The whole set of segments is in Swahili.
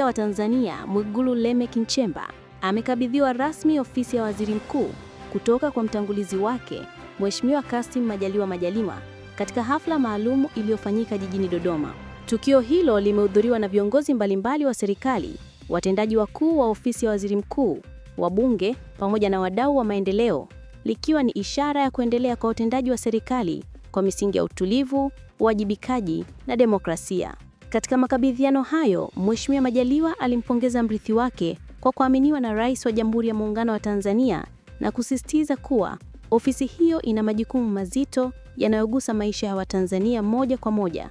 raia wa Tanzania Mwigulu Lameck Nchemba amekabidhiwa rasmi ofisi ya Waziri Mkuu kutoka kwa mtangulizi wake Mheshimiwa Kassim Majaliwa Majaliwa katika hafla maalum iliyofanyika jijini Dodoma. Tukio hilo limehudhuriwa na viongozi mbalimbali wa serikali, watendaji wakuu wa ofisi ya Waziri Mkuu, wabunge pamoja na wadau wa maendeleo, likiwa ni ishara ya kuendelea kwa utendaji wa serikali kwa misingi ya utulivu, uwajibikaji na demokrasia. Katika makabidhiano hayo, Mheshimiwa Majaliwa alimpongeza mrithi wake kwa kuaminiwa na Rais wa Jamhuri ya Muungano wa Tanzania na kusisitiza kuwa ofisi hiyo ina majukumu mazito yanayogusa maisha ya Watanzania moja kwa moja.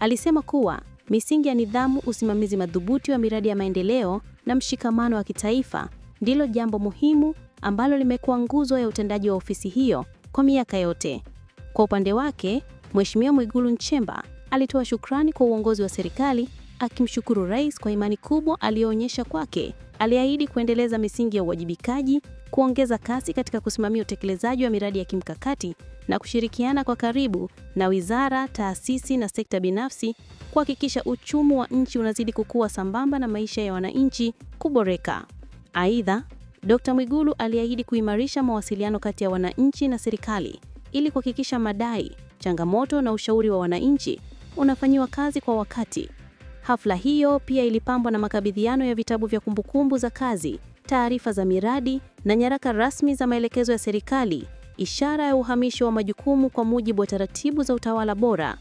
Alisema kuwa misingi ya nidhamu, usimamizi madhubuti wa miradi ya maendeleo na mshikamano wa kitaifa ndilo jambo muhimu ambalo limekuwa nguzo ya utendaji wa ofisi hiyo kwa miaka yote. Kwa upande wake, Mheshimiwa Mwigulu Nchemba alitoa shukrani kwa uongozi wa serikali akimshukuru rais kwa imani kubwa aliyoonyesha kwake. Aliahidi kuendeleza misingi ya uwajibikaji, kuongeza kasi katika kusimamia utekelezaji wa miradi ya kimkakati na kushirikiana kwa karibu na wizara, taasisi na sekta binafsi kuhakikisha uchumi wa nchi unazidi kukua sambamba na maisha ya wananchi kuboreka. Aidha, Dkt. Mwigulu aliahidi kuimarisha mawasiliano kati ya wananchi na serikali ili kuhakikisha madai, changamoto na ushauri wa wananchi unafanyiwa kazi kwa wakati. Hafla hiyo pia ilipambwa na makabidhiano ya vitabu vya kumbukumbu za kazi, taarifa za miradi na nyaraka rasmi za maelekezo ya serikali, ishara ya uhamisho wa majukumu kwa mujibu wa taratibu za utawala bora.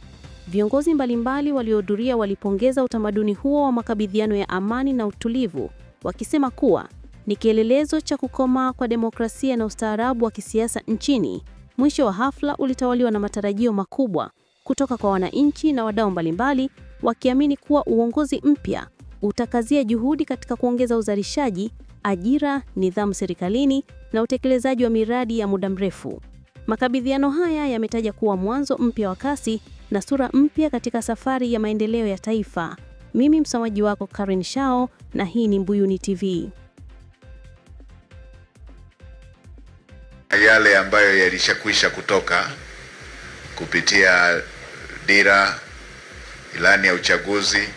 Viongozi mbalimbali waliohudhuria walipongeza utamaduni huo wa makabidhiano ya amani na utulivu, wakisema kuwa ni kielelezo cha kukomaa kwa demokrasia na ustaarabu wa kisiasa nchini. Mwisho wa hafla ulitawaliwa na matarajio makubwa, kutoka kwa wananchi na wadau mbalimbali, wakiamini kuwa uongozi mpya utakazia juhudi katika kuongeza uzalishaji, ajira, nidhamu serikalini na utekelezaji wa miradi ya muda mrefu. Makabidhiano haya yametaja kuwa mwanzo mpya wa kasi na sura mpya katika safari ya maendeleo ya taifa. Mimi msomaji wako Karen Shao na hii ni Mbuyuni TV. Yale ambayo yalishakwisha kutoka kupitia dira, ilani ya uchaguzi,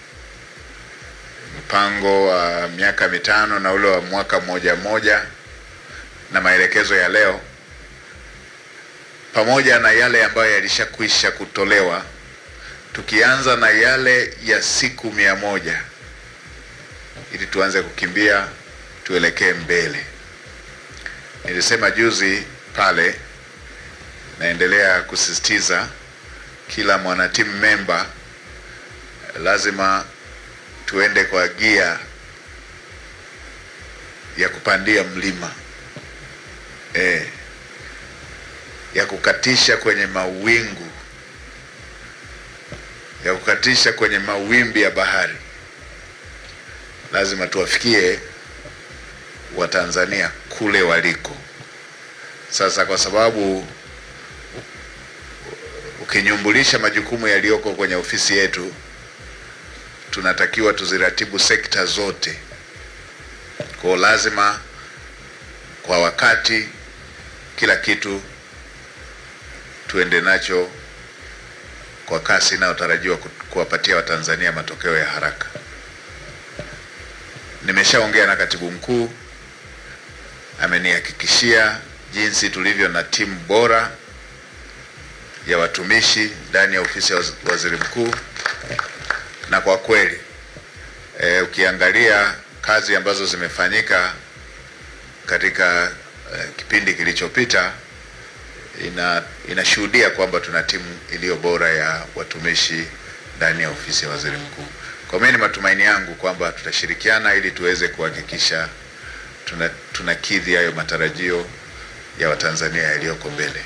mpango wa miaka mitano na ule wa mwaka mmoja mmoja, na maelekezo ya leo, pamoja na yale ambayo yalishakwisha kutolewa, tukianza na yale ya siku mia moja ili tuanze kukimbia tuelekee mbele. Nilisema juzi pale, naendelea kusisitiza kila mwanatimu memba lazima tuende kwa gia ya kupandia mlima e, ya kukatisha kwenye mawingu ya kukatisha kwenye mawimbi ya bahari. Lazima tuwafikie Watanzania kule waliko sasa, kwa sababu ukinyumbulisha majukumu yaliyoko kwenye ofisi yetu, tunatakiwa tuziratibu sekta zote kwa lazima, kwa wakati, kila kitu tuende nacho kwa kasi inayotarajiwa kuwapatia Watanzania matokeo ya haraka. Nimeshaongea na katibu mkuu, amenihakikishia jinsi tulivyo na timu bora ya watumishi ndani ya ofisi ya waziri mkuu, na kwa kweli e, ukiangalia kazi ambazo zimefanyika katika e, kipindi kilichopita ina, inashuhudia kwamba tuna timu iliyo bora ya watumishi ndani ya ofisi ya waziri mkuu. Kwa mimi ni matumaini yangu kwamba tutashirikiana ili tuweze kuhakikisha tunakidhi tuna hayo matarajio ya Watanzania yaliyoko mbele.